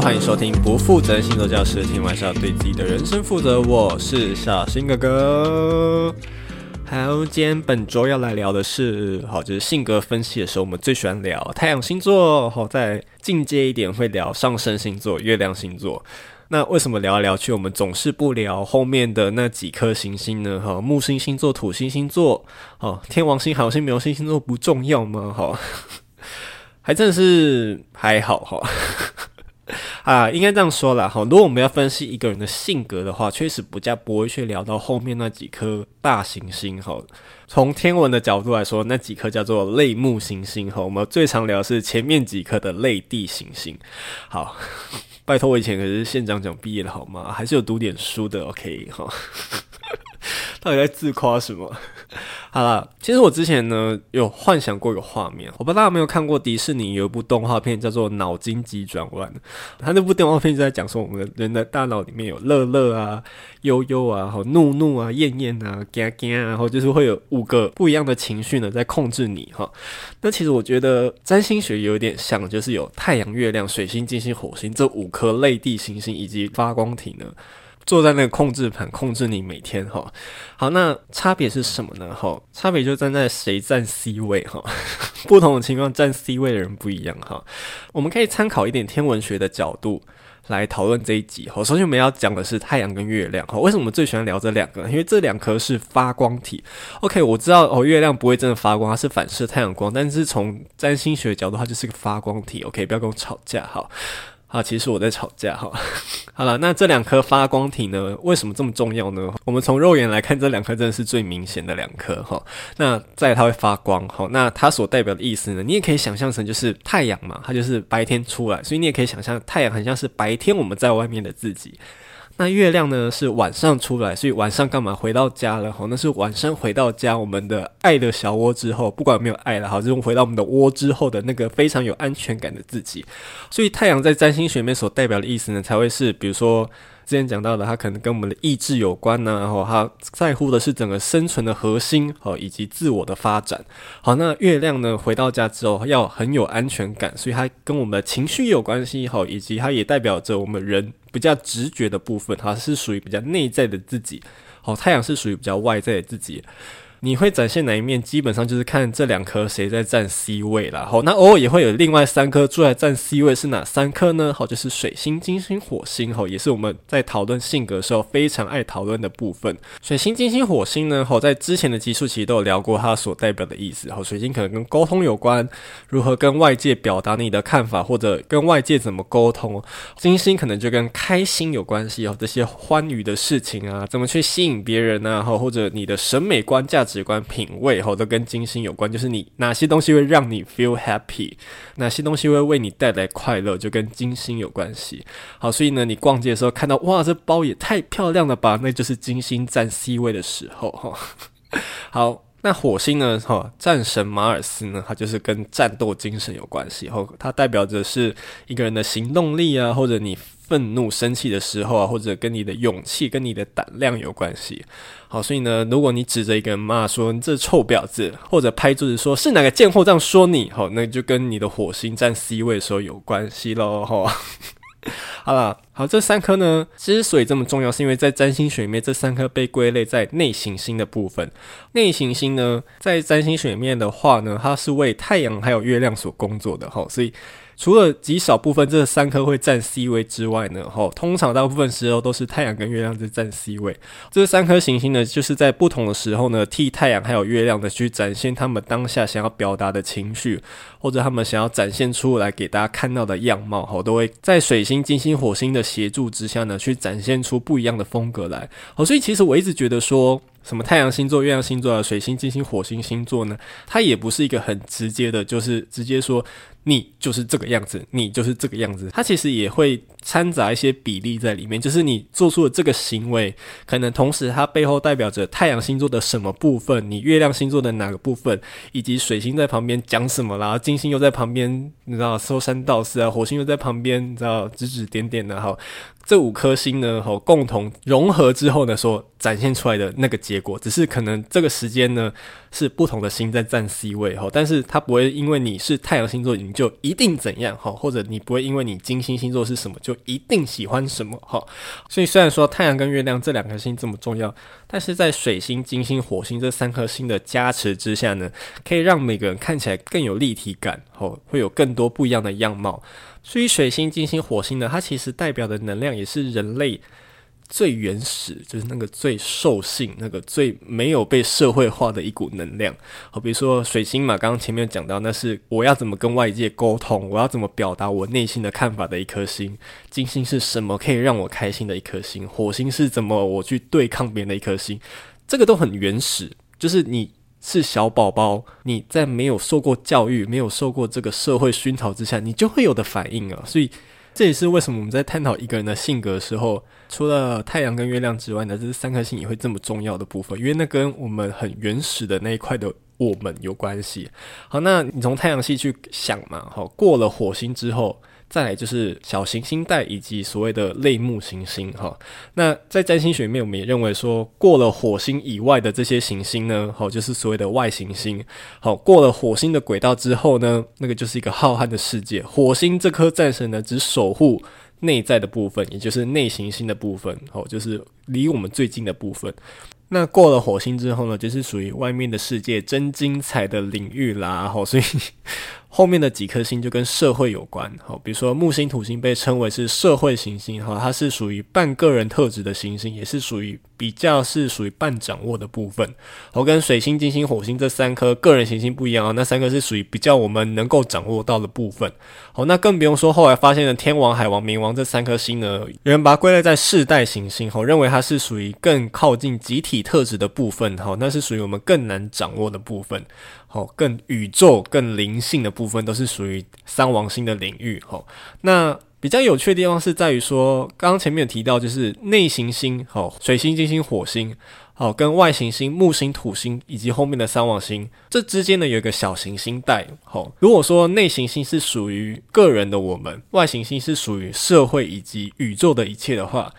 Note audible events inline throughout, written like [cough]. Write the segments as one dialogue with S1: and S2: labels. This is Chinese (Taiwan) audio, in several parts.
S1: 歡迎收聽不負責任星座教室，聽完是要對自己的人生負責我。我是小新哥哥，好，今天本周要來聊的是，好，就是性格分析的時候，我們最喜歡聊太陽星座。好，再進階一點會聊上升星座、月亮星座。那為什麼聊來聊去，我們總是不聊後面的那幾顆行星,星呢？哈，木星星座、土星星座，哦，天王星,星、海王星冥王星星座不重要嗎？哈，還真是還好哈。好啊，應該這樣說啦，哈。如果我們要分析一個人的性格的話，確實比較不會去聊到後面那幾顆大行星，哈。從天文的角度來說，那幾顆叫做類木行星，哈。我們最常聊的是前面幾顆的類地行星，好。拜託，我以前可是縣長獎畢業的好嗎？還是有讀點書的，OK，哈。 [laughs] 到底在自誇什麼？好啦，其實我之前呢有幻想過一個畫面，我不知道大家有沒有看過迪士尼有一部動畫片叫做《腦筋急轉彎》，它那部動畫片就在講說我們的人的大腦裡面有樂樂啊、悠悠啊、好怒怒啊、厭厭啊、驚驚啊，然後就是會有五個不一樣的情緒呢在控制你哈、哦。那其實我覺得占星學有一點像，就是有太陽、月亮、水星、金星、火星這五顆類地行星以及發光體呢。坐在那個控制盤，控制你每天哈。好，那差別是什麼呢？哈，差別就站在誰站 C 位哈，不同的情況站 C 位的人不一樣哈。我們可以參考一點天文學的角度來討論這一集哈。首先我們要講的是太陽跟月亮哈，為什麼我們最喜歡聊這兩個？因為這兩顆是發光體。OK，我知道哦，月亮不會真的發光，它是反射太陽光，但是從占星學的角度，它就是個發光體。OK，不要跟我吵架哈。好，其實我在吵架哈。好了，那這兩顆發光體呢，為什麼這麼重要呢？我們從肉眼來看，這兩顆真的是最明顯的兩顆哈。那再來它會發光。好，那它所代表的意思呢？你也可以想象成就是太陽嘛，它就是白天出來，所以你也可以想象太陽很像是白天我們在外面的自己。那月亮呢？是晚上出來，所以晚上幹嘛？回到家了。好，那是晚上回到家，我們的愛的小窩之後，不管有沒有愛了哈，這種、就是、回到我們的窩之後的那個非常有安全感的自己。所以太陽在占星學裡面所代表的意思呢，才會是比如說。之前講到的，它可能跟我們的意志有關呢、啊。然後它在乎的是整個生存的核心，和以及自我的發展。好，那月亮呢？回到家之後要很有安全感，所以它跟我們的情緒有關係。好，以及它也代表着我們人比較直覺的部分。它是屬於比較內在的自己。好，太陽是屬於比較外在的自己。你會展現哪一面，基本上就是看這兩顆誰在占 C 位了。吼，那偶爾也會有另外三顆出來占 C 位，是哪三顆呢？吼，就是水星、金星、火星。吼，也是我們在討論性格的時候非常愛討論的部分。水星、金星、火星呢？吼，在之前的集數其實都有聊過它所代表的意思。吼，水星可能跟溝通有關，如何跟外界表達你的看法，或者跟外界怎麼溝通。金星可能就跟開心有關係，吼，這些歡愉的事情啊，怎麼去吸引別人呢？吼，或者你的審美觀價，直觀品味吼，都跟金星有關，就是你哪些東西會讓你 feel happy，哪些東西會為你帶來快樂，就跟金星有關係。好，所以呢，你逛街的時候看到哇，這包也太漂亮了吧？那就是金星占 C 位的時候吼，好，那火星呢？吼，戰神馬爾斯呢？它就是跟戰鬥精神有關係，吼，它代表着是一個人的行動力啊，或者你。憤怒、生氣的時候啊，或者跟你的勇氣、跟你的膽量有關係。好，所以呢，如果你指着一個人罵說“你這臭婊子”，或者拍桌子說“是哪個賤貨這樣說你”，好，那就跟你的火星占 C 位的時候有關係嘍。哈， [laughs] 好啦，好，這三顆呢，之所以這麼重要，是因為在占星學裡面，這三顆被歸類在內行星的部分。內行星呢，在占星學裡面的話呢，它是為太陽還有月亮所工作的。哈，所以。除了極少部分這三顆會占 C 位之外呢，吼、哦，通常大部分時候都是太陽跟月亮在占 C 位。這三顆行星呢，就是在不同的時候呢，替太陽還有月亮的去展現他們當下想要表達的情緒，或者他們想要展現出來給大家看到的樣貌，好，都會在水星、金星、火星的協助之下呢，去展現出不一樣的風格來。好、哦，所以其實我一直覺得說什麼太陽星座、月亮星座啊、水星、金星、火星星座呢，它也不是一個很直接的，就是直接說。你就是這個樣子，你就是這個樣子。它其實也會摻雜一些比例在裡面，就是你做出的這個行為，可能同時它背後代表着太陽星座的什麼部分，你月亮星座的哪個部分，以及水星在旁邊講什麼，然後金星又在旁邊，你知道說三道四啊，火星又在旁邊，你知道指指點點的，啊，好。這五顆星呢，吼、哦，共同融合之後呢，所展現出來的那個結果，只是可能這個時間呢，是不同的星在占 C 位吼、哦，但是它不會因為你是太陽星座你就一定怎樣哈、哦，或者你不會因為你金星星座是什麼就一定喜歡什麼哈、哦。所以雖然說太陽跟月亮這兩顆星這麼重要，但是在水星、金星、火星這三顆星的加持之下呢，可以讓每個人看起來更有立體感吼、哦，會有更多不一樣的樣貌。至於水星、金星、火星呢？它其實代表的能量也是人類最原始，就是那個最獸性、那個最沒有被社會化的一股能量。好，比如說水星嘛，剛剛前面講到，那是我要怎麼跟外界溝通，我要怎麼表達我內心的看法的一顆星；金星是什麼可以讓我開心的一顆星；火星是怎麼我去對抗別人的一顆星。這個都很原始，就是你。是小寶寶，你在沒有受過教育、沒有受過這個社會熏陶之下，你就會有的反應啊。所以這也是為什麼我們在探討一個人的性格的時候，除了太陽跟月亮之外呢，這三顆星也會這麼重要的部分，因為那跟我們很原始的那一塊的我們有關係。好，那你從太陽系去想嘛，好，過了火星之後。再來就是小行星帶以及所謂的類木行星哈。那在占星學裡面，我們也認為說，過了火星以外的這些行星呢，好，就是所謂的外行星。好，過了火星的軌道之後呢，那個就是一個浩瀚的世界。火星這顆戰神呢，只守護內在的部分，也就是內行星的部分，好，就是離我們最近的部分。那過了火星之後呢，就是屬於外面的世界，真精彩的領域啦。好，所以。 [laughs] 後面的幾顆星就跟社會有關，好，比如說木星、土星被稱為是社會行星，哈，它是屬於半個人特質的行星，也是屬於比較是屬於半掌握的部分。好，跟水星、金星、火星這三顆個人行星不一樣啊，那三顆是屬於比較我們能夠掌握到的部分。好，那更不用說後來發現的天王、海王、冥王這三顆星呢，有人把它歸類在世代行星，哈，認為它是屬於更靠近集體特質的部分，哈，那是屬於我們更難掌握的部分。哦，更宇宙、更靈性的部分都是屬於三王星的領域。哦，那比較有趣的地方是在於說，剛剛前面有提到就是內行星，哦，水星、金星、火星，哦，跟外行星木星、土星以及後面的三王星，這之間呢有一個小行星帶。哦，如果說內行星是屬於個人的我們，外行星是屬於社會以及宇宙的一切的話，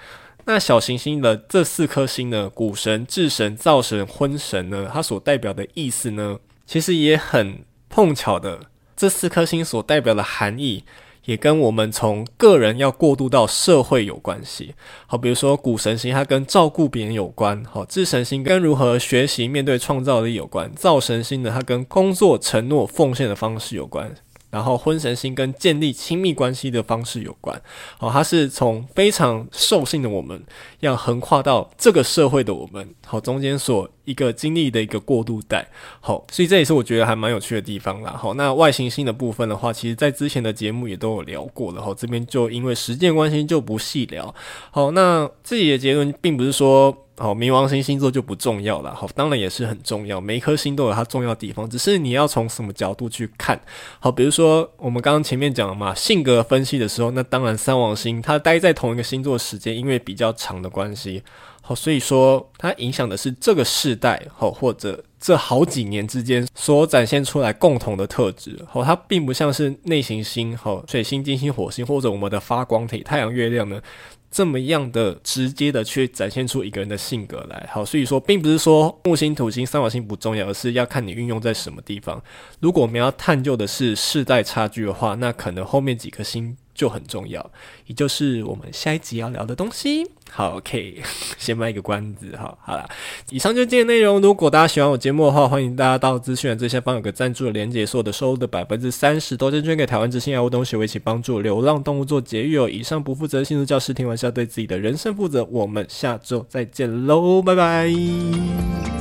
S1: 那小行星的這四顆星呢，谷神、智神、灶神、婚神呢，它所代表的意思呢？其實也很碰巧的，這四顆星所代表的含義，也跟我們從個人要過渡到社會有關係。好，比如說谷神星，它跟照顧別人有關；好，智神星跟如何學習面對創造力有關；灶神星呢，它跟工作承諾奉獻的方式有關。然後婚神星跟建立親密關係的方式有關，好、哦，它是從非常獸性的我們要橫跨到這個社會的我們，好、哦，中間所一個經歷的一個過渡帶，好、哦，所以這也是我覺得還蠻有趣的地方啦，好、哦，那外行星的部分的話，其實在之前的節目也都有聊過了，好、哦，這邊就因為時間關係就不細聊，好、哦，那自己的結論並不是說。好，冥王星星座就不重要了。好，當然也是很重要，每一顆星都有它重要的地方，只是你要從什麼角度去看。好，比如說我們剛剛前面講了嘛，性格分析的時候，那當然三王星它待在同一個星座時間，因為比較長的關係，好，所以說它影響的是這個世代，好，或者。這好幾年之間所展現出來共同的特質，好，哦，它並不像是內行星和，哦，水星、金星、火星或者我們的發光體太陽、月亮呢，這麼樣的直接的去展現出一個人的性格來，好，哦，所以說並不是說木星、土星、三王星不重要，而是要看你運用在什麼地方。如果我們要探究的是世代差距的話，那可能後面幾顆星。就很重要，也就是我們下一集要聊的東西。好，OK，先賣一個關子哈。好啦，以上就今天的內容。如果大家喜歡我節目的話，歡迎大家到資訊欄最下方有個贊助的連結，所有的收入的百分之三十都捐給台灣之心愛護動物協會，我一起幫助流浪動物做絕育哦。以上不負責星座教師聽完是要對自己的人生負責。我們下周再見嘍，拜拜。